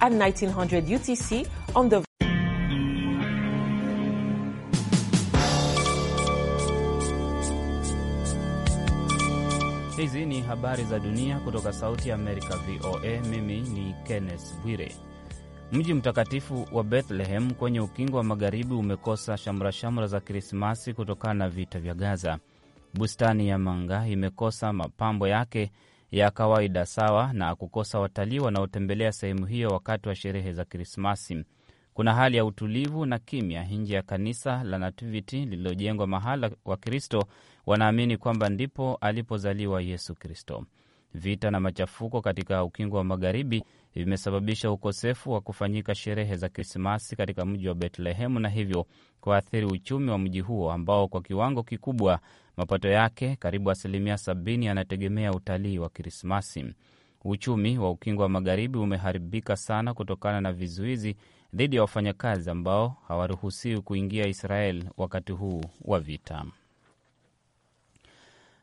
at 1900 UTC on the Hizi ni habari za dunia kutoka Sauti ya Amerika, VOA. Mimi ni Kenneth Bwire. Mji mtakatifu wa Bethlehem kwenye ukingo wa magharibi umekosa shamra shamra za Krismasi kutokana na vita vya Gaza. Bustani ya Manga imekosa mapambo yake ya kawaida sawa na kukosa watalii wanaotembelea sehemu hiyo wakati wa sherehe za Krismasi. Kuna hali ya utulivu na kimya nje ya kanisa la Nativity lililojengwa mahala Wakristo wanaamini kwamba ndipo alipozaliwa Yesu Kristo. Vita na machafuko katika ukingo wa magharibi vimesababisha ukosefu wa kufanyika sherehe za Krismasi katika mji wa Betlehemu na hivyo kuathiri uchumi wa mji huo ambao kwa kiwango kikubwa Mapato yake karibu asilimia 70 yanategemea utalii wa Krismasi. Uchumi wa ukingo wa magharibi umeharibika sana kutokana na vizuizi dhidi ya wafanyakazi ambao hawaruhusiwi kuingia Israel wakati huu wa vita.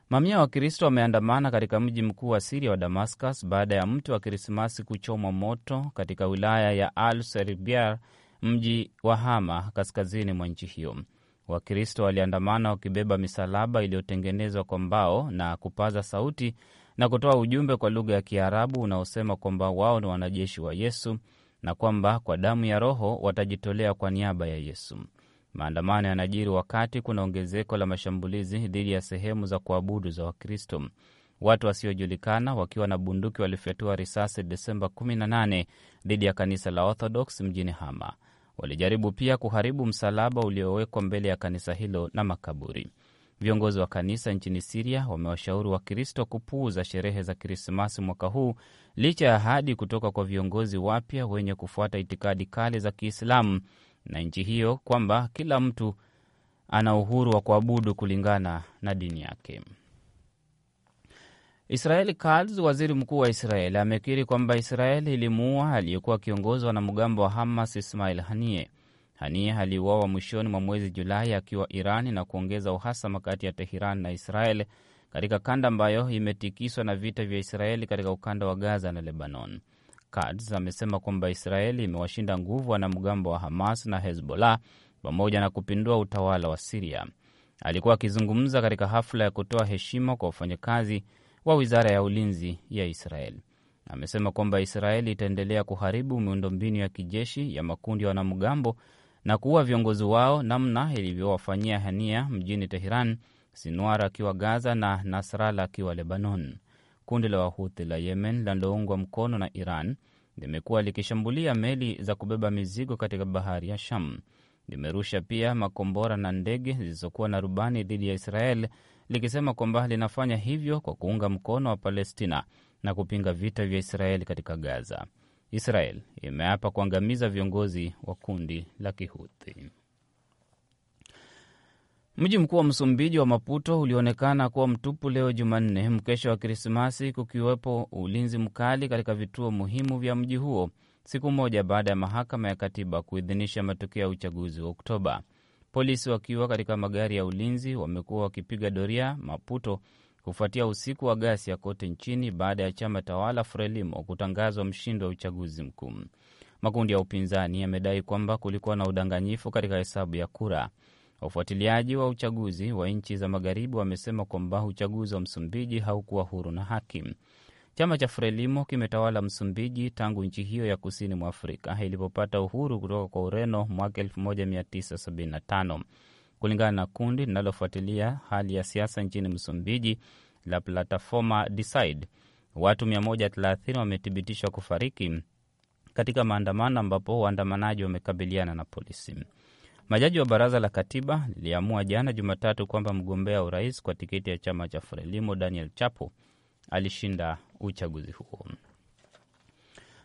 Mamia wa Kristo wameandamana katika mji mkuu wa Siria wa Damascus baada ya mti wa Krismasi kuchomwa moto katika wilaya ya Al Seribiar, mji wa Hama kaskazini mwa nchi hiyo. Wakristo waliandamana wakibeba misalaba iliyotengenezwa kwa mbao na kupaza sauti na kutoa ujumbe kwa lugha ya Kiarabu unaosema kwamba wao ni wanajeshi wa Yesu na kwamba kwa damu ya Roho watajitolea kwa niaba ya Yesu. Maandamano yanajiri wakati kuna ongezeko la mashambulizi dhidi ya sehemu za kuabudu za Wakristo. Watu wasiojulikana wakiwa na bunduki walifyatua risasi Desemba 18 dhidi ya kanisa la Orthodox mjini Hama. Walijaribu pia kuharibu msalaba uliowekwa mbele ya kanisa hilo na makaburi. Viongozi wa kanisa nchini Siria wamewashauri Wakristo kupuuza sherehe za Krismasi mwaka huu licha ya ahadi kutoka kwa viongozi wapya wenye kufuata itikadi kali za Kiislamu na nchi hiyo kwamba kila mtu ana uhuru wa kuabudu kulingana na dini yake. Israel Katz, waziri mkuu wa Israel, amekiri kwamba Israel ilimuua aliyekuwa akiongozwa na mgambo wa Hamas Ismail Hanie. Hanie aliuawa mwishoni mwa mwezi Julai akiwa Iran na kuongeza uhasama kati ya Teheran na Israel katika kanda ambayo imetikiswa na vita vya Israeli katika ukanda wa Gaza na Lebanon. Katz amesema kwamba Israeli imewashinda nguvu wanamgambo wa Hamas na Hezbollah pamoja na kupindua utawala wa Siria. Alikuwa akizungumza katika hafla ya kutoa heshima kwa wafanyakazi wa wizara ya ulinzi ya Israel. Amesema kwamba Israeli itaendelea kuharibu miundombinu ya kijeshi ya makundi ya wanamgambo na kuua viongozi wao namna ilivyowafanyia Hania mjini Teheran, Sinwar akiwa Gaza na Nasrala akiwa Lebanon. Kundi la Wahuthi la Yemen linaloungwa mkono na Iran limekuwa likishambulia meli za kubeba mizigo katika bahari ya Sham. Limerusha pia makombora na ndege zilizokuwa na rubani dhidi ya Israel likisema kwamba linafanya hivyo kwa kuunga mkono wa Palestina na kupinga vita vya Israeli katika Gaza. Israel imeapa kuangamiza viongozi wa kundi la Kihuthi. Mji mkuu wa Msumbiji wa Maputo ulionekana kuwa mtupu leo Jumanne, mkesha wa Krismasi, kukiwepo ulinzi mkali katika vituo muhimu vya mji huo, siku moja baada ya mahakama ya katiba kuidhinisha matokeo ya uchaguzi wa Oktoba. Polisi wakiwa katika magari ya ulinzi wamekuwa wakipiga doria Maputo kufuatia usiku wa ghasia kote nchini baada ya chama tawala Frelimo kutangazwa mshindi wa uchaguzi mkuu. Makundi ya upinzani yamedai kwamba kulikuwa na udanganyifu katika hesabu ya kura. Wafuatiliaji wa uchaguzi wa nchi za magharibi wamesema kwamba uchaguzi wa Msumbiji haukuwa huru na haki. Chama cha Frelimo kimetawala Msumbiji tangu nchi hiyo ya kusini mwa Afrika ilipopata uhuru kutoka kwa Ureno mwaka 1975. Kulingana na kundi linalofuatilia hali ya siasa nchini Msumbiji la Plataforma Decide, watu 130 wamethibitishwa kufariki katika maandamano ambapo waandamanaji wamekabiliana na polisi. Majaji wa baraza la katiba liliamua jana Jumatatu kwamba mgombea urais kwa tiketi ya chama cha Frelimo Daniel Chapo alishinda uchaguzi huo.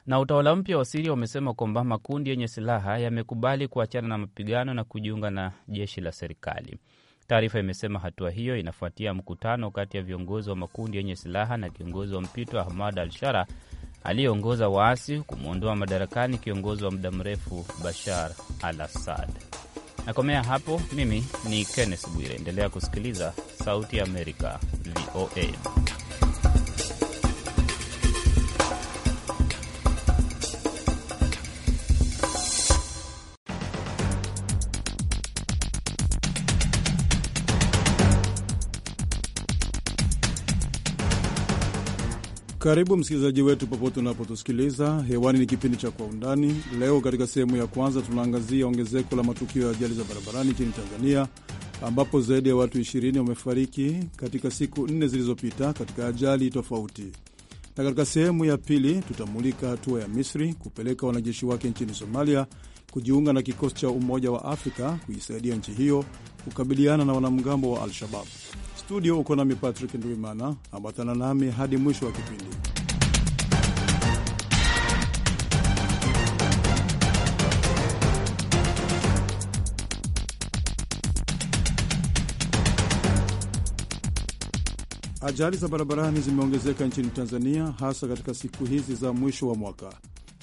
Na utawala mpya wa Siria umesema kwamba makundi yenye silaha yamekubali kuachana na mapigano na kujiunga na jeshi la serikali. Taarifa imesema hatua hiyo inafuatia mkutano kati ya viongozi wa makundi yenye silaha na kiongozi wa mpito Ahmad al Shara aliyeongoza waasi kumwondoa madarakani kiongozi wa muda mrefu Bashar al Assad. Nakomea hapo. Mimi ni Kenneth Bwire, endelea kusikiliza Sauti ya Amerika, VOA. Karibu msikilizaji wetu popote unapotusikiliza hewani. Ni kipindi cha Kwa Undani. Leo katika sehemu ya kwanza, tunaangazia ongezeko la matukio ya ajali za barabarani nchini Tanzania, ambapo zaidi ya watu 20 wamefariki katika siku nne zilizopita katika ajali tofauti, na katika sehemu ya pili tutamulika hatua ya Misri kupeleka wanajeshi wake nchini Somalia kujiunga na kikosi cha Umoja wa Afrika kuisaidia nchi hiyo kukabiliana na wanamgambo wa Al-Shabab. Studio uko nami Patrick Ndwimana, ambatana nami hadi mwisho wa kipindi. Ajali za barabarani zimeongezeka nchini Tanzania, hasa katika siku hizi za mwisho wa mwaka.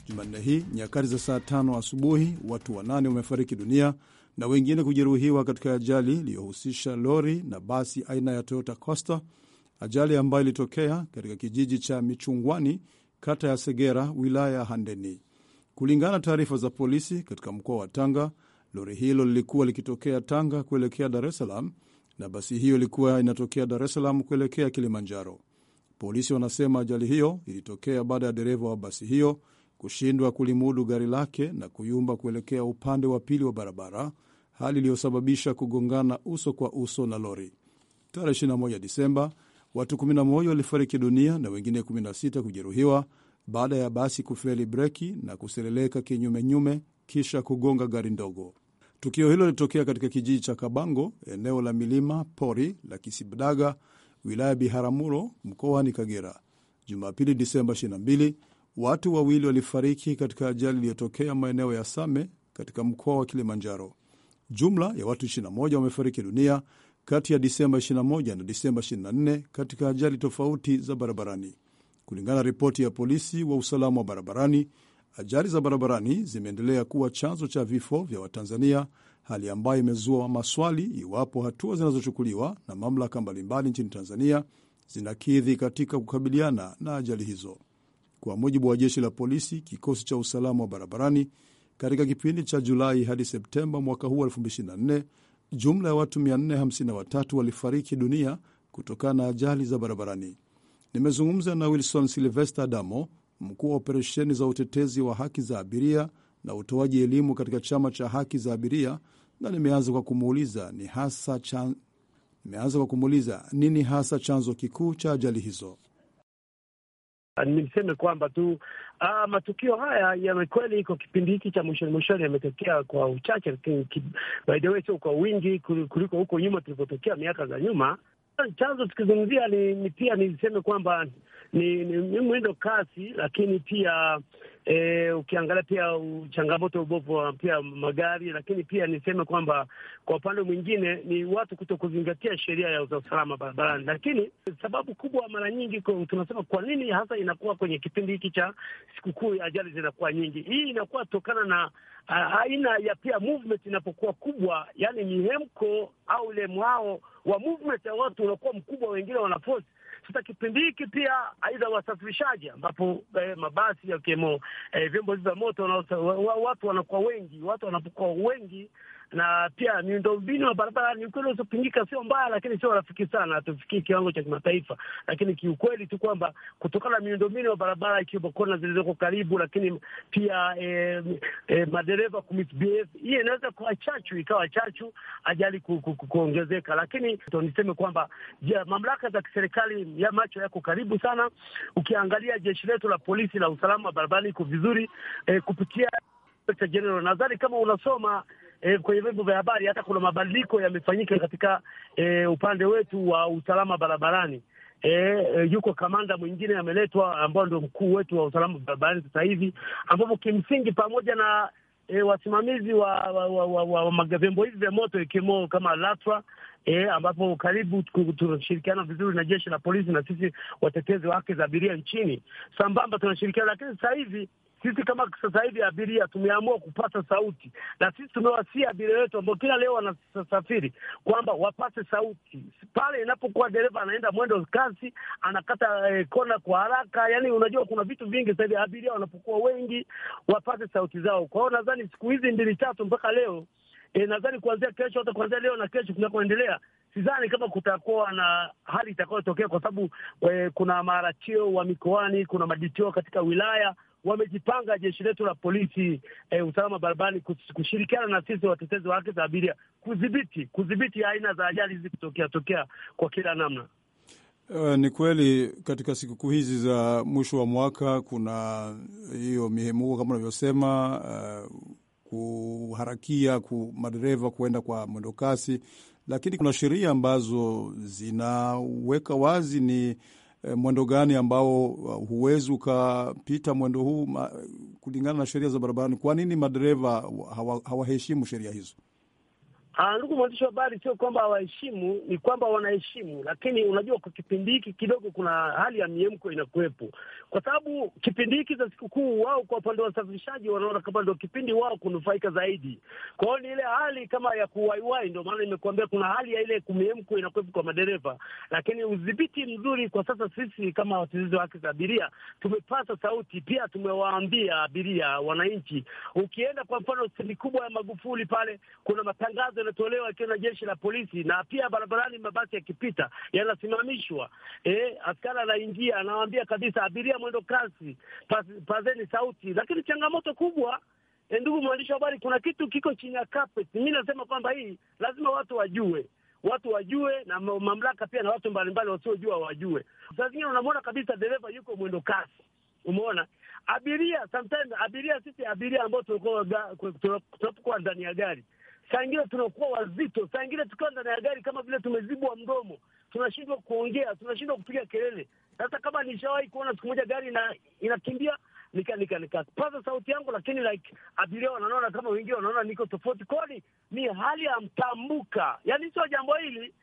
Jumanne hii nyakati za saa tano asubuhi watu wanane wamefariki dunia na wengine kujeruhiwa katika ajali iliyohusisha lori na basi aina ya Toyota costa ajali ambayo ilitokea katika kijiji cha Michungwani, kata ya Segera, wilaya ya Handeni. Kulingana na taarifa za polisi katika mkoa wa Tanga, lori hilo lilikuwa likitokea Tanga kuelekea Dar es Salaam na basi hiyo ilikuwa inatokea Dar es Salaam kuelekea Kilimanjaro. Polisi wanasema ajali hiyo ilitokea baada ya dereva wa basi hiyo kushindwa kulimudu gari lake na kuyumba kuelekea upande wa pili wa barabara hali iliyosababisha kugongana uso kwa uso na lori. Tarehe 21 Disemba, watu 11 walifariki dunia na wengine 16 kujeruhiwa baada ya basi kufeli breki na kuseleleka kinyumenyume kisha kugonga gari ndogo. Tukio hilo lilitokea katika kijiji cha Kabango, eneo la milima pori la Kisibdaga, wilaya Biharamulo, mkoani Kagera. Jumapili Disemba 22, watu wawili walifariki katika ajali iliyotokea maeneo ya Same katika mkoa wa Kilimanjaro. Jumla ya watu 21 wamefariki dunia kati ya Disemba 21 na Disemba 24 katika ajali tofauti za barabarani, kulingana na ripoti ya polisi wa usalama wa barabarani. Ajali za barabarani zimeendelea kuwa chanzo cha vifo vya Watanzania, hali ambayo imezua maswali iwapo hatua zinazochukuliwa na mamlaka mbalimbali nchini Tanzania zinakidhi katika kukabiliana na ajali hizo. Kwa mujibu wa jeshi la polisi, kikosi cha usalama wa barabarani katika kipindi cha Julai hadi Septemba mwaka huu 2024 jumla ya watu 453 walifariki dunia kutokana na ajali za barabarani. Nimezungumza na Wilson Silvester Damo, mkuu wa operesheni za utetezi wa haki za abiria na utoaji elimu katika chama cha haki za abiria, na nimeanza kwa kumuuliza ni hasa chan... nimeanza kwa kumuuliza nini hasa chanzo kikuu cha ajali hizo. Ah, niseme kwamba tu ah, matukio haya yamekweli kwa kipindi hiki cha mwishoni mwishoni yametokea kwa uchache, lakini by the way sio kwa wingi kuliko huko nyuma tulivyotokea miaka za nyuma. Chanzo tukizungumzia ni, ni pia niseme kwamba ni, ni mwendo kasi, lakini pia e, ukiangalia pia changamoto ubovu wa pia magari, lakini pia niseme kwamba kwa upande mwingine ni watu kuto kuzingatia sheria ya usalama barabarani. Lakini sababu kubwa mara nyingi tunasema kwa nini hasa inakuwa kwenye kipindi hiki cha sikukuu ajali zinakuwa nyingi, hii inakuwa tokana na aina ya pia movement inapokuwa kubwa, yani mihemko au ile mwao wa movement ya watu unakuwa mkubwa, wengine wanafosi sasa kipindi hiki pia aidha wasafirishaji, ambapo eh, mabasi yakiwemo eh, vyombo hivi vya moto na, wa, wa, watu wanakuwa wengi, watu wanapokuwa wengi na pia miundombinu ya barabara ni ukweli usiopingika, sio mbaya, lakini sio rafiki sana, hatufikii kiwango cha kimataifa. Lakini kiukweli tu kwamba kutokana na miundombinu ya barabara ikiwepo kona zilizoko karibu, lakini pia eh, eh, madereva kumisbehave, inaweza kuwa chachu, ikawa chachu ajali kuongezeka. Lakini niseme kwamba mamlaka za kiserikali ya macho yako karibu sana. Ukiangalia jeshi letu la polisi la usalama barabarani iko vizuri eh, kupitia General, nadhani kama unasoma eh, kwenye vyombo vya habari, hata kuna mabadiliko yamefanyika katika eh, upande wetu wa usalama barabarani. E, yuko kamanda mwingine ameletwa ambao ndio mkuu wetu wa usalama barabarani sasa hivi, ambapo kimsingi pamoja na e, wasimamizi wa, wa, wa, wa, wa, wa vyombo hivi vya moto ikiwemo kama LATRA e, ambapo karibu tunashirikiana vizuri na jeshi la polisi na sisi watetezi wa haki za abiria nchini, sambamba tunashirikiana, lakini sasa hivi sisi kama sasa hivi abiria tumeamua kupata sauti, na sisi tumewasia abiria wetu ambao kila leo wanasafiri kwamba wapate sauti pale inapokuwa dereva anaenda mwendo kasi, anakata eh, kona kwa haraka. Yani unajua kuna vitu vingi sasa hivi abiria wanapokuwa wengi wapate sauti zao. Kwa hiyo nadhani siku hizi mbili tatu mpaka leo eh, nadhani kuanzia kesho, hata kuanzia leo na kesho kunakoendelea sidhani kama kutakuwa na hali itakayotokea kwa sababu eh, kuna maarachio wa mikoani, kuna maditio katika wilaya wamejipanga jeshi letu la polisi, eh, usalama barabarani kushirikiana na sisi watetezi wa haki za abiria kudhibiti kudhibiti aina za ajali hizi kutokea tokea kwa kila namna. Uh, ni kweli katika sikukuu hizi za mwisho wa mwaka kuna hiyo mihemuko kama unavyosema, uh, kuharakia ku madereva kuenda kwa mwendokasi, lakini kuna sheria ambazo zinaweka wazi ni Eh, mwendo gani ambao uh, huwezi ukapita mwendo huu kulingana na sheria za barabarani? Kwa nini madereva hawaheshimu hawa sheria hizo? Ah, ndugu mwandishi wa habari, sio kwamba hawaheshimu, ni kwamba wanaheshimu, lakini unajua kwa kipindi hiki kidogo kuna hali ya miemko inakuwepo, kwa sababu kipindi hiki za sikukuu wao kwa upande wa wasafirishaji wanaona kama ndio kipindi wao kunufaika zaidi. Kwa hiyo ni ile hali kama ya kuwaiwai, ndio maana nimekuambia kuna hali ya ile miemko inakuwepo kwa madereva, lakini udhibiti mzuri kwa sasa, sisi kama watetezi wa haki za abiria tumepata sauti, pia tumewaambia abiria wananchi, ukienda kwa mfano stendi kubwa ya Magufuli pale kuna matangazo yanatolewa akiwa na jeshi la polisi, na pia barabarani mabasi yakipita yanasimamishwa. Eh, askari anaingia anawaambia kabisa abiria mwendo kasi, pazeni sauti. Lakini changamoto kubwa e, ndugu mwandishi wa habari, kuna kitu kiko chini ya carpet. Mi nasema kwamba hii lazima watu wajue watu wajue na mamlaka pia na watu mbalimbali wasiojua wajue. Saa zingine unamwona kabisa dereva yuko mwendo kasi, umeona abiria sometimes, abiria sisi abiria ambao tunapokuwa ndani ya gari saa ingine tunakuwa wazito, saa ingine tukiwa ndani ya gari kama vile tumezibwa mdomo, tunashindwa kuongea, tunashindwa kupiga kelele. Sasa kama nishawahi kuona siku moja gari ina, inakimbia nikapaza nika, sauti yangu, lakini like abiria wanaona kama wengine wanaona niko tofauti, kwani ni hali ya mtambuka. Yani sio jambo hili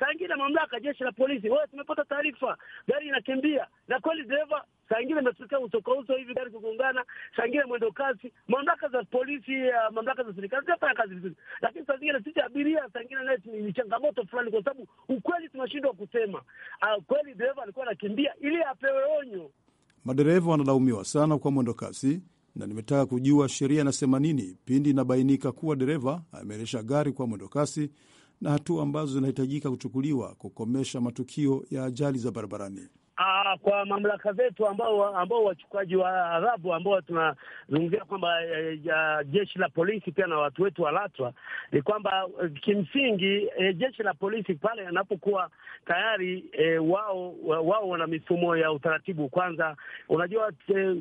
saa ingine mamlaka, jeshi la polisi, wewe tumepata taarifa gari inakimbia, na kweli dereva saa ingine imetokea usokouso hivi, gari kugongana, saa ingine mwendo kasi. Mamlaka za polisi, uh, mamlaka za serikali zinafanya kazi vizuri, lakini saa zingine sisi abiria, saa ingine naye ni changamoto fulani, kwa sababu ukweli tunashindwa kusema uh, kweli dereva alikuwa anakimbia ili apewe onyo. Madereva wanalaumiwa sana kwa mwendo kasi, na nimetaka kujua sheria inasema nini pindi inabainika kuwa dereva ameendesha gari kwa mwendo kasi na hatua ambazo zinahitajika kuchukuliwa kukomesha matukio ya ajali za barabarani. Aa, ah, kwa mamlaka zetu ambao ambao wachukaji wa adhabu ambao tunazungumzia kwamba e, eh, ja, jeshi la polisi pia na watu wetu wa ni kwamba eh, kimsingi e, jeshi la polisi pale anapokuwa tayari e, wao wao wana mifumo ya utaratibu kwanza. Unajua e,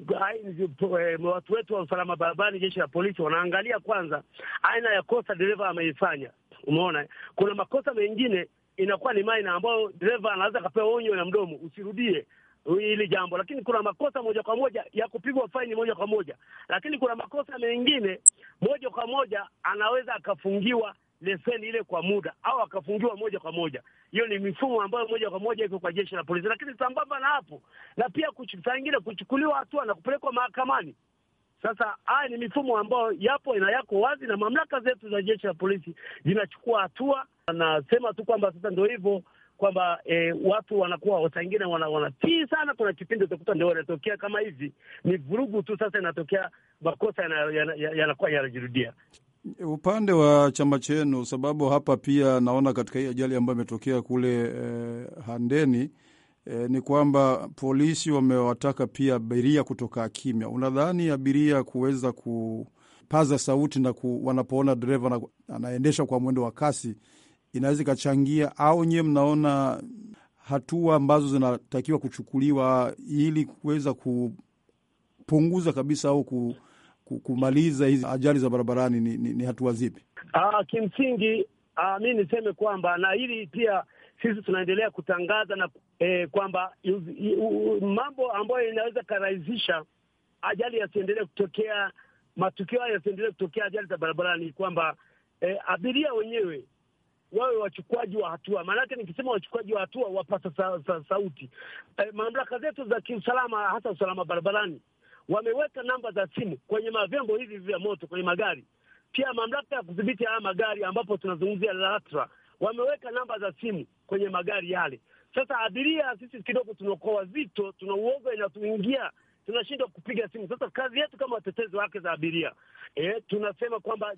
e, watu wetu wa usalama barabarani, jeshi la polisi wanaangalia kwanza aina ya kosa dereva ameifanya. Umeona, kuna makosa mengine inakuwa ni maina ambayo dereva anaweza akapewa onyo na mdomo, usirudie hili jambo. Lakini kuna makosa moja kwa moja ya kupigwa faini moja kwa moja, lakini kuna makosa mengine moja kwa moja anaweza akafungiwa leseni ile kwa muda au akafungiwa moja kwa moja. Hiyo ni mifumo ambayo moja kwa moja iko kwa jeshi la polisi, lakini sambamba na hapo na pia kuchangile kuchukuliwa hatua na kupelekwa mahakamani. Sasa haya ni mifumo ambayo yapo na yako wazi, na mamlaka zetu za jeshi la polisi zinachukua hatua Anasema tu kwamba sasa ndio hivyo kwamba e, watu wanakuwa saa ingine wana, wanatii sana. Kuna kipindi utakuta ndio wanatokea kama hivi, ni vurugu tu. Sasa inatokea makosa yanakuwa yanajirudia upande wa chama chenu, sababu hapa pia naona katika hii ajali ambayo imetokea kule eh, Handeni eh, ni kwamba polisi wamewataka pia abiria kutoka kimya. Unadhani abiria kuweza kupaza sauti na ku, wanapoona dereva anaendesha kwa mwendo wa kasi inaweza ikachangia, au nyewe mnaona hatua ambazo zinatakiwa kuchukuliwa ili kuweza kupunguza kabisa au ku, kumaliza hizi ajali za barabarani ni, ni, ni hatua zipi? Aa, ah, kimsingi ah, mi niseme kwamba na hili pia sisi tunaendelea kutangaza na eh, kwamba mambo ambayo inaweza karahisisha ajali yasiendelee kutokea, matukio hayo yasiendelee kutokea, ajali za barabarani kwamba eh, abiria wenyewe wawe wachukuaji wa hatua. Maanake nikisema wachukuaji wa hatua, wapata sa, sa, sauti. E, mamlaka zetu za kiusalama, hasa usalama barabarani, wameweka namba za simu kwenye mavyombo hivi vya moto, kwenye magari. Pia mamlaka ya kudhibiti haya magari, ambapo tunazungumzia LATRA, wameweka namba za simu kwenye magari yale. Sasa abiria sisi kidogo tunakuwa wazito, tuna uoga inatuingia, tunashindwa kupiga simu. Sasa kazi yetu kama watetezi wake za abiria eh, tunasema kwamba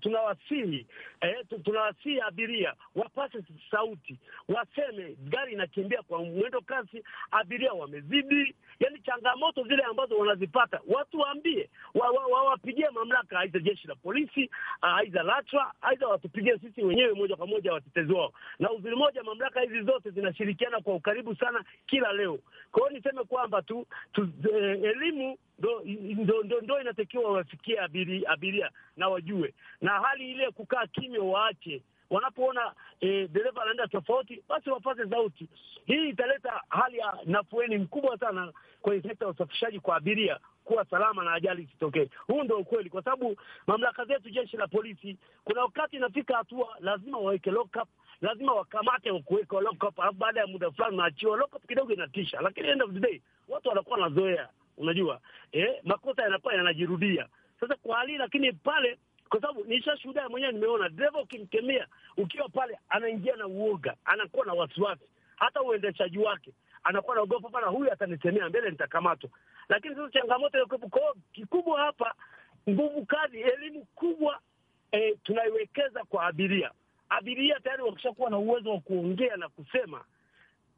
tunawasihi eh, tunawasihi abiria wapase sauti, waseme gari inakimbia kwa mwendo kasi, abiria wamezidi, yani changamoto zile ambazo wanazipata watu waambie, wawapigie wa, wa, mamlaka, aidha jeshi la polisi, aidha LATRA, aidha watupigie sisi wenyewe moja kwa moja watetezi wao. Na uzuri moja, mamlaka hizi zote zinashirikiana kwa ukaribu sana kila leo. Kwa hiyo niseme kwamba tu, tu eh, elimu ndo, ndo, ndo, inatakiwa wafikie abiria, abiria na wajue, na hali ile ya kukaa kimya waache wanapoona eh, dereva anaenda tofauti, basi wapaze sauti. Hii italeta hali ya nafueni mkubwa sana kwenye sekta ya usafirishaji kwa abiria kuwa salama na ajali zitokee. Huu ndo ukweli, kwa sababu mamlaka zetu, jeshi la polisi, kuna wakati inafika hatua lazima waweke lockup, lazima wakamate kuweka lockup, alafu baada ya muda fulani unaachiwa lockup. Kidogo inatisha, lakini end of the day watu wanakuwa wanazoea unajua eh, makosa yanakuwa yanajirudia sasa kwa hali, lakini pale kwa sababu nishashuhudia mwenyewe, nimeona dereva ukimkemea ukiwa pale, anaingia na uoga, anakuwa na wasiwasi, hata uendeshaji wake anakuwa naogopa, pana, huyu atanitemea mbele, nitakamatwa. Lakini sasa changamoto kwao kikubwa hapa, nguvu kazi, elimu kubwa eh, tunaiwekeza kwa abiria. Abiria tayari wakishakuwa na uwezo wa kuongea na kusema,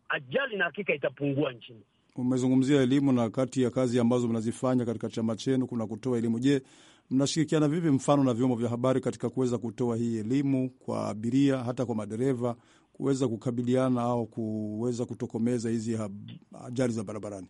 ajali na hakika itapungua nchini umezungumzia elimu, na kati ya kazi ambazo mnazifanya katika chama chenu kuna kutoa elimu. Je, mnashirikiana vipi mfano na vyombo vya habari katika kuweza kutoa hii elimu kwa abiria, hata kwa madereva kuweza kukabiliana au kuweza kutokomeza hizi ajali za barabarani?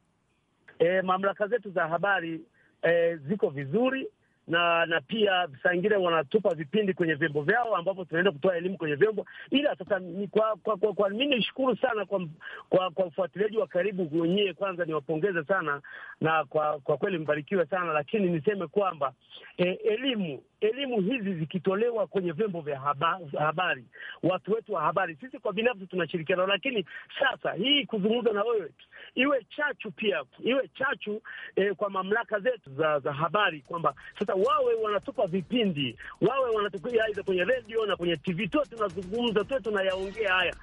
E, mamlaka zetu za habari e, ziko vizuri na na pia saa ingine wanatupa vipindi kwenye vyombo vyao ambapo tunaenda kutoa elimu kwenye vyombo. Ila sasa kwa, kwa, kwa, kwa mi nishukuru sana kwa, kwa, kwa ufuatiliaji wa karibu wenyewe, kwanza niwapongeze sana na kwa, kwa kweli mbarikiwe sana, lakini niseme kwamba eh, elimu elimu hizi zikitolewa kwenye vyombo vya haba, habari, watu wetu wa habari, sisi kwa binafsi tunashirikiana, lakini sasa hii kuzungumza na wewe iwe chachu pia, iwe chachu eh, kwa mamlaka zetu za, za habari kwamba sasa wawe wanatupa vipindi, wawe wanatupa kwenye redio na kwenye TV, tuwe tunazungumza, tuwe tunayaongea haya.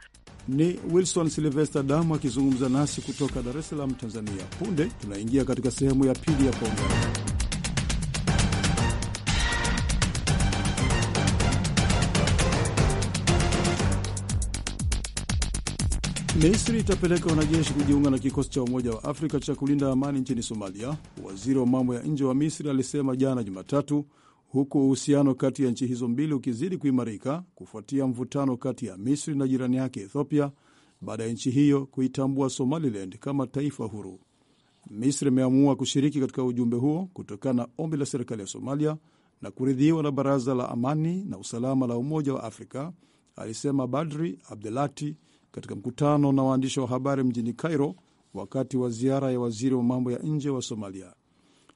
Ni Wilson Silvester Damu akizungumza nasi kutoka Dar es Salaam, Tanzania. Punde tunaingia katika sehemu ya pili ya Kaungana. Misri itapeleka wanajeshi kujiunga na kikosi cha Umoja wa Afrika cha kulinda amani nchini Somalia, waziri wa mambo ya nje wa Misri alisema jana Jumatatu, huku uhusiano kati ya nchi hizo mbili ukizidi kuimarika kufuatia mvutano kati ya Misri na jirani yake Ethiopia baada ya nchi hiyo kuitambua Somaliland kama taifa huru. Misri imeamua kushiriki katika ujumbe huo kutokana na ombi la serikali ya Somalia na kuridhiwa na Baraza la Amani na Usalama la Umoja wa Afrika, alisema Badri Abdelati, katika mkutano na waandishi wa habari mjini Cairo wakati wa ziara ya waziri wa mambo ya nje wa Somalia.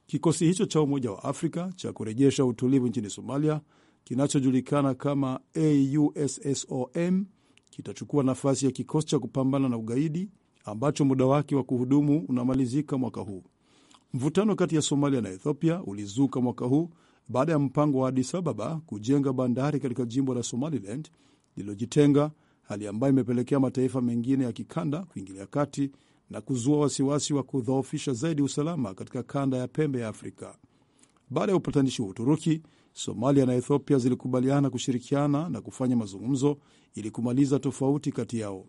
Kikosi hicho cha Umoja wa Afrika cha kurejesha utulivu nchini Somalia kinachojulikana kama AUSSOM kitachukua nafasi ya kikosi cha kupambana na ugaidi ambacho muda wake wa kuhudumu unamalizika mwaka huu. Mvutano kati ya Somalia na Ethiopia ulizuka mwaka huu baada ya mpango wa Addis Ababa kujenga bandari katika jimbo la Somaliland lililojitenga hali ambayo imepelekea mataifa mengine ya kikanda kuingilia kati na kuzua wasiwasi wa kudhoofisha zaidi usalama katika kanda ya pembe ya Afrika. Baada ya upatanishi wa Uturuki, Somalia na Ethiopia zilikubaliana kushirikiana na kufanya mazungumzo ili kumaliza tofauti kati yao.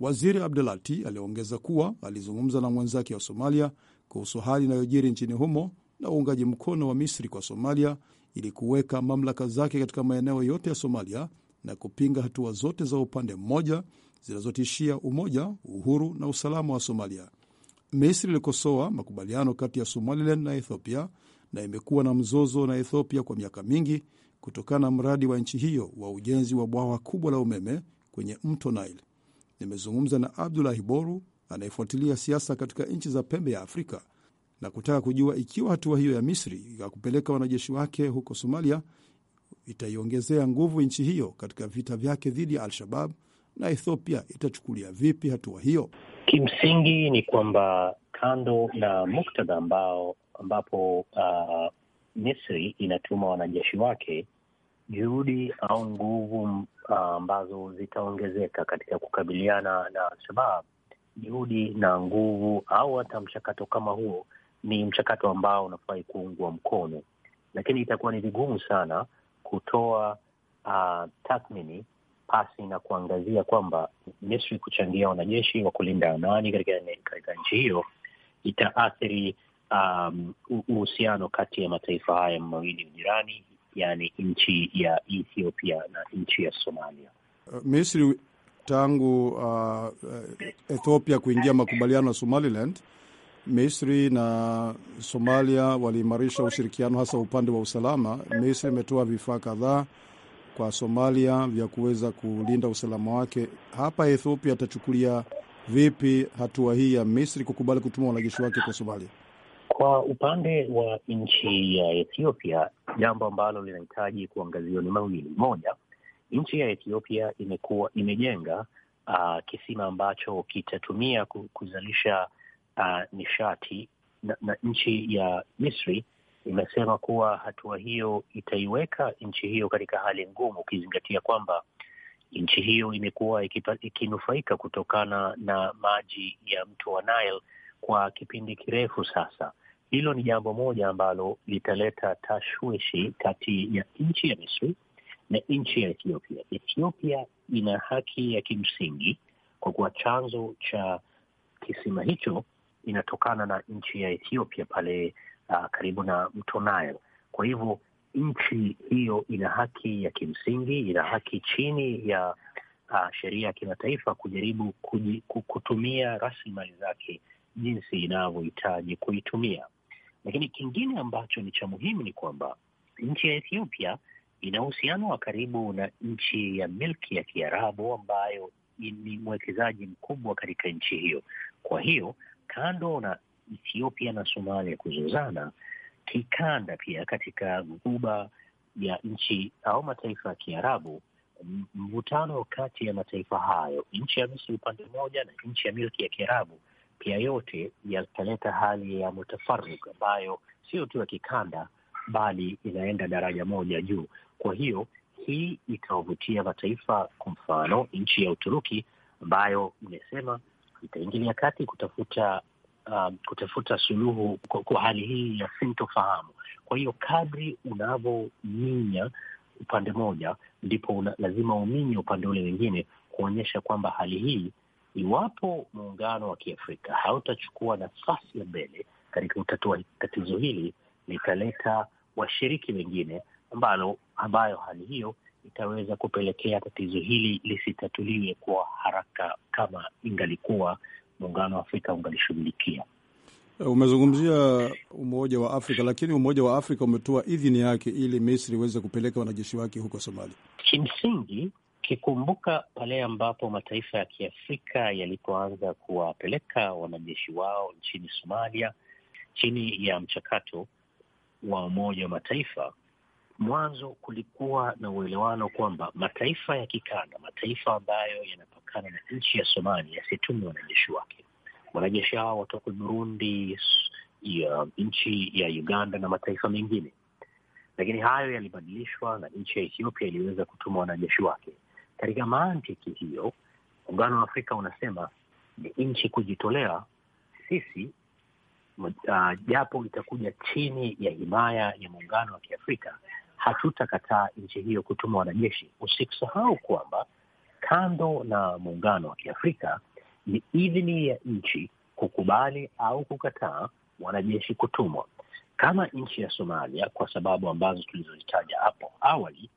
Waziri Abdulati aliongeza kuwa alizungumza na mwenzake wa Somalia kuhusu hali inayojiri nchini humo na uungaji mkono wa Misri kwa Somalia ili kuweka mamlaka zake katika maeneo yote ya Somalia na kupinga hatua zote za upande mmoja zinazotishia umoja, uhuru na usalama wa Somalia. Misri ilikosoa makubaliano kati ya Somaliland na Ethiopia na imekuwa na mzozo na Ethiopia kwa miaka mingi kutokana na mradi wa nchi hiyo wa ujenzi wa bwawa kubwa la umeme kwenye mto Nile. Nimezungumza na Abdulahi Boru anayefuatilia siasa katika nchi za pembe ya Afrika na kutaka kujua ikiwa hatua hiyo ya Misri ya kupeleka wanajeshi wake huko Somalia itaiongezea nguvu nchi hiyo katika vita vyake dhidi ya Al-Shabab na Ethiopia itachukulia vipi hatua hiyo? Kimsingi ni kwamba kando na muktadha ambao ambapo uh, Misri inatuma wanajeshi wake, juhudi au nguvu uh, ambazo uh, zitaongezeka katika kukabiliana na Al-Shabab, juhudi na nguvu au hata mchakato kama huo ni mchakato ambao unafai kuungwa mkono, lakini itakuwa ni vigumu sana kutoa uh, tathmini pasi na kuangazia kwamba Misri kuchangia wanajeshi wa kulinda amani katika nchi hiyo itaathiri um, uhusiano um, kati ya mataifa haya mawili jirani, yaani nchi ya Ethiopia na nchi ya Somalia. Misri tangu uh, uh Ethiopia kuingia makubaliano ya Somaliland Misri na Somalia waliimarisha ushirikiano hasa upande wa usalama. Misri imetoa vifaa kadhaa kwa Somalia vya kuweza kulinda usalama wake. Hapa Ethiopia atachukulia vipi hatua hii ya Misri kukubali kutuma wanajeshi wake kwa Somalia? Kwa upande wa nchi ya Ethiopia, jambo ambalo linahitaji kuangaziwa ni mawili. Moja, nchi ya Ethiopia imekuwa imejenga uh, kisima ambacho kitatumia kuzalisha uh, nishati na, na nchi ya Misri imesema kuwa hatua hiyo itaiweka nchi hiyo katika hali ngumu, ukizingatia kwamba nchi hiyo imekuwa ikinufaika kutokana na maji ya mto wa Nile kwa kipindi kirefu sasa. Hilo ni jambo moja ambalo litaleta tashwishi kati ya nchi ya Misri na nchi ya Ethiopia. Ethiopia ina haki ya kimsingi kwa kuwa chanzo cha kisima hicho inatokana na nchi ya Ethiopia pale uh, karibu na mto Nile. Kwa hivyo nchi hiyo ina haki ya kimsingi, ina haki chini ya uh, sheria ya kimataifa kujaribu kutumia rasilimali zake jinsi inavyohitaji kuitumia. Lakini kingine ambacho ni cha muhimu ni kwamba nchi ya Ethiopia ina uhusiano wa karibu na nchi ya milki ya Kiarabu ambayo ni mwekezaji mkubwa katika nchi hiyo. Kwa hiyo kando na Ethiopia na Somalia kuzozana kikanda, pia katika ghuba ya nchi au mataifa ya Kiarabu, mvutano kati ya mataifa hayo, nchi ya Misri upande mmoja na nchi ya milki ya Kiarabu pia, yote yataleta hali ya mutafaruk ambayo sio tu ya kikanda, bali inaenda daraja moja juu. Kwa hiyo hii itawavutia mataifa, kwa mfano nchi ya Uturuki ambayo imesema itaingilia kati kutafuta uh, kutafuta suluhu kwa hali hii ya sintofahamu. Kwa hiyo kadri unavyominya upande moja, ndipo una, lazima uminye upande ule wengine kuonyesha kwamba hali hii, iwapo muungano wa Kiafrika hautachukua nafasi ya mbele katika kutatua tatizo hili, litaleta washiriki wengine ambalo ambayo hali hiyo itaweza kupelekea tatizo hili lisitatuliwe kwa haraka kama ingalikuwa muungano wa Afrika ungalishughulikia. Umezungumzia Umoja wa Afrika, lakini Umoja wa Afrika umetoa idhini yake ili Misri iweze kupeleka wanajeshi wake huko Somalia. Kimsingi kikumbuka pale ambapo mataifa ya Kiafrika yalipoanza kuwapeleka wanajeshi wao nchini Somalia chini ya mchakato wa Umoja wa Mataifa, mwanzo kulikuwa na uelewano kwamba mataifa ya kikanda, mataifa ambayo yanapakana na nchi ya Somali yasitume wanajeshi wake. Wanajeshi hao watoke Burundi, ya nchi ya Uganda na mataifa mengine, lakini hayo yalibadilishwa na nchi ya Ethiopia iliweza kutuma wanajeshi wake. Katika mantiki hiyo, Muungano wa Afrika unasema ni nchi kujitolea, sisi uh, japo uh, itakuja chini ya himaya ya Muungano wa Kiafrika, hatutakataa nchi hiyo kutuma wanajeshi. Usikusahau kwamba kando na muungano wa Kiafrika ni idhini ya nchi kukubali au kukataa wanajeshi kutumwa. Kama nchi ya Somalia, kwa sababu ambazo tulizozitaja hapo awali,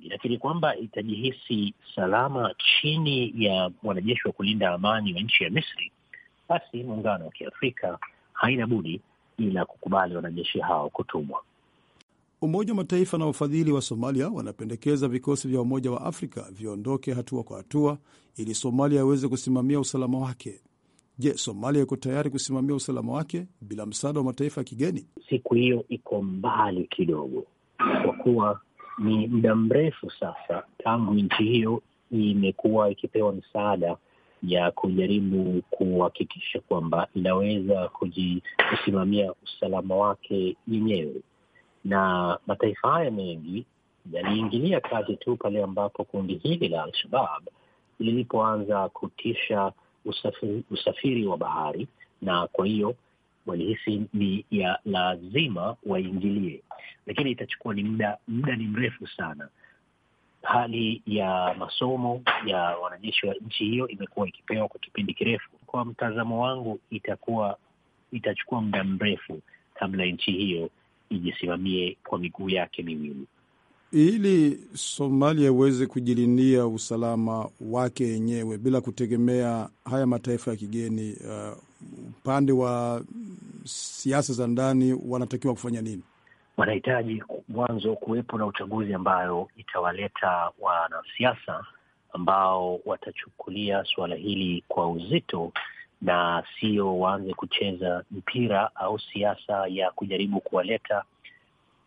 inakiri kwamba itajihisi salama chini ya wanajeshi wa kulinda amani wa nchi ya Misri, basi muungano wa Kiafrika haina budi ila kukubali wanajeshi hao kutumwa. Umoja wa Mataifa na wafadhili wa Somalia wanapendekeza vikosi vya Umoja wa Afrika viondoke hatua kwa hatua ili Somalia iweze kusimamia usalama wake. Je, Somalia iko tayari kusimamia usalama wake bila msaada wa mataifa ya kigeni? Siku hiyo iko mbali kidogo, kwa kuwa ni muda mrefu sasa tangu nchi hiyo imekuwa ikipewa msaada ya kujaribu kuhakikisha kwamba inaweza kujisimamia usalama wake yenyewe na mataifa haya mengi yaliingilia kati tu pale ambapo kundi hili la Al-Shabab lilipoanza kutisha usafiri, usafiri wa bahari, na kwa hiyo walihisi ni ya lazima waingilie, lakini itachukua ni muda, muda ni mrefu sana. Hali ya masomo ya wanajeshi wa nchi hiyo imekuwa ikipewa kwa kipindi kirefu. Kwa mtazamo wangu, itakuwa itachukua muda mrefu kabla nchi hiyo ijisimamie kwa miguu yake miwili ili Somalia iweze kujilindia usalama wake yenyewe bila kutegemea haya mataifa ya kigeni. Uh, upande uh, wa siasa za ndani wanatakiwa kufanya nini? Wanahitaji mwanzo kuwepo na uchaguzi ambayo itawaleta wanasiasa ambao watachukulia suala hili kwa uzito na sio waanze kucheza mpira au siasa ya kujaribu kuwaleta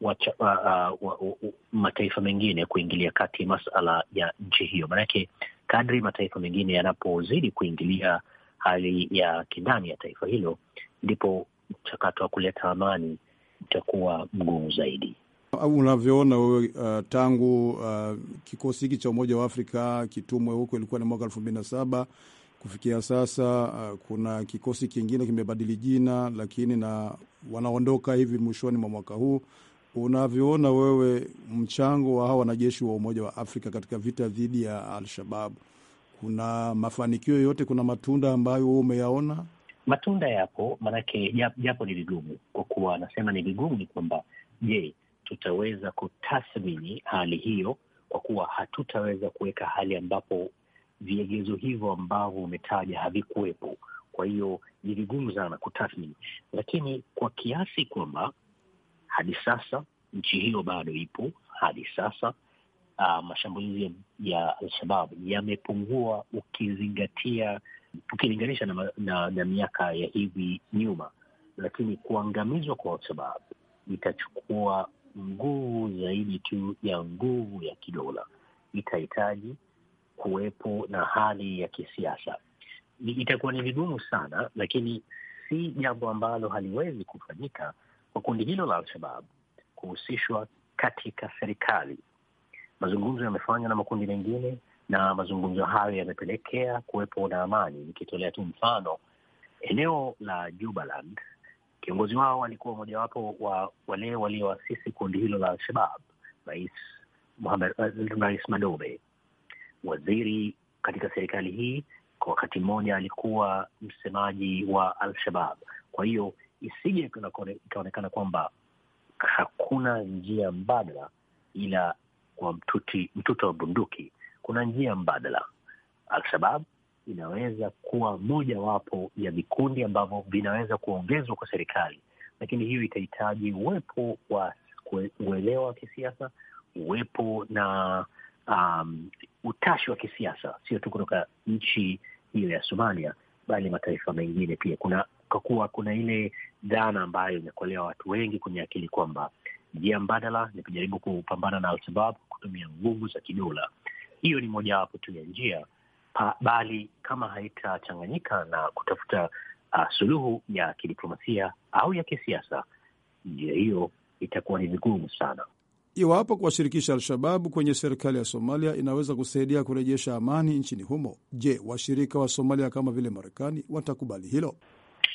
uh, uh, uh, uh, mataifa mengine kuingilia kati masala ya nchi hiyo. Maanake kadri mataifa mengine yanapozidi kuingilia hali ya kindani ya taifa hilo, ndipo mchakato wa kuleta amani utakuwa mgumu zaidi. Unavyoona wewe uh, tangu uh, kikosi hiki cha Umoja wa Afrika kitumwe huko ilikuwa ni mwaka elfu mbili na saba Kufikia sasa uh, kuna kikosi kingine kimebadili jina, lakini na wanaondoka hivi mwishoni mwa mwaka huu. Unavyoona wewe mchango wa hawa wanajeshi wa Umoja wa Afrika katika vita dhidi ya alshabab kuna mafanikio yoyote? Kuna matunda ambayo huo umeyaona? Matunda yapo, maanake japo ni vigumu. Kwa kuwa anasema ni vigumu, ni kwamba je, tutaweza kutathmini hali hiyo? Kwa kuwa hatutaweza kuweka hali ambapo viegezo hivyo ambavyo umetaja havikuwepo. Kwa hiyo ni vigumu sana kutathmini, lakini kwa kiasi kwamba hadi sasa nchi hiyo bado ipo hadi sasa. Uh, mashambulizi ya Alshabab yamepungua ukizingatia, ukilinganisha na, na, na miaka ya hivi nyuma, lakini kuangamizwa kwa Alshabab itachukua nguvu zaidi tu ya nguvu ya kidola, itahitaji kuwepo na hali ya kisiasa. Itakuwa ni vigumu sana, lakini si jambo ambalo haliwezi kufanyika kwa kundi hilo la Al-Shabab kuhusishwa katika serikali. Mazungumzo yamefanywa na makundi mengine na mazungumzo hayo yamepelekea kuwepo na amani. Nikitolea tu mfano, eneo la Jubaland, kiongozi wao alikuwa mojawapo wa wale walioasisi kundi hilo la Al-Shabab, Rais Mohamed, eh, Rais Madobe waziri katika serikali hii kwa wakati mmoja alikuwa msemaji wa Al-Shabab. Kwa hiyo isije ikaonekana kwamba hakuna njia mbadala ila kwa mtuti, mtuto wa bunduki. Kuna njia mbadala. Al-Shabab inaweza kuwa mojawapo ya vikundi ambavyo vinaweza kuongezwa kwa serikali, lakini hiyo itahitaji uwepo wa uelewa wa kisiasa, uwepo na um, utashi wa kisiasa, sio tu kutoka nchi hiyo ya Somalia bali mataifa mengine pia. Kuna kakuwa kuna ile dhana ambayo imekolea watu wengi kwenye akili kwamba njia mbadala ni kujaribu kupambana na Al-Shabaab kutumia nguvu za kidola. Hiyo ni mojawapo tu ya njia pa, bali kama haitachanganyika na kutafuta uh, suluhu ya kidiplomasia au ya kisiasa, njia hiyo itakuwa ni vigumu sana iwapo kuwashirikisha Al-Shababu kwenye serikali ya Somalia inaweza kusaidia kurejesha amani nchini humo. Je, washirika wa Somalia kama vile Marekani watakubali hilo?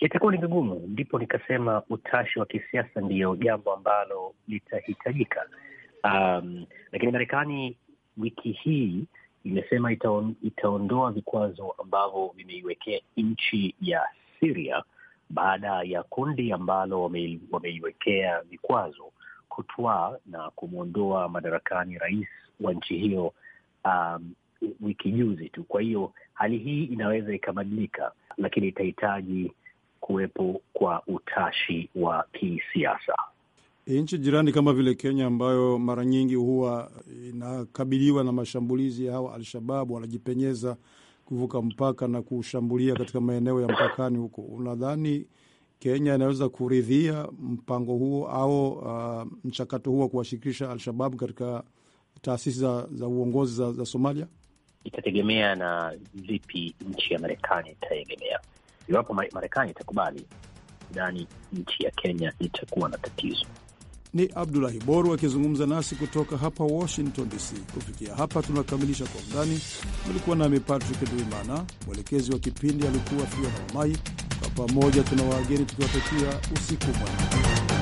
Itakuwa ni vigumu. Ndipo nikasema utashi wa kisiasa ndiyo jambo ambalo litahitajika. Um, lakini Marekani wiki hii imesema itaon, itaondoa vikwazo ambavyo vimeiwekea nchi ya Siria baada ya kundi ambalo wameiwekea vikwazo kutwa na kumwondoa madarakani rais wa nchi hiyo um, wiki juzi tu. Kwa hiyo hali hii inaweza ikabadilika, lakini itahitaji kuwepo kwa utashi wa kisiasa. Nchi jirani kama vile Kenya ambayo mara nyingi huwa inakabiliwa na mashambulizi ya hawa Alshababu, wanajipenyeza kuvuka mpaka na kushambulia katika maeneo ya mpakani huko, unadhani Kenya inaweza kuridhia mpango huo au uh, mchakato huo wa kuwashirikisha Al-Shabab katika taasisi za, za uongozi za, za Somalia? Itategemea na vipi nchi ya Marekani itaegemea. Iwapo Marekani itakubali, sidhani nchi ya Kenya itakuwa na tatizo. Ni Abdulahi Boru akizungumza nasi kutoka hapa Washington DC. Kufikia hapa tunakamilisha Kwa Undani. Mlikuwa nami Patrick Duimana, mwelekezi wa kipindi alikuwa Fiona Wamai. Pamoja tuna wageni tukiwatakia usiku mwema.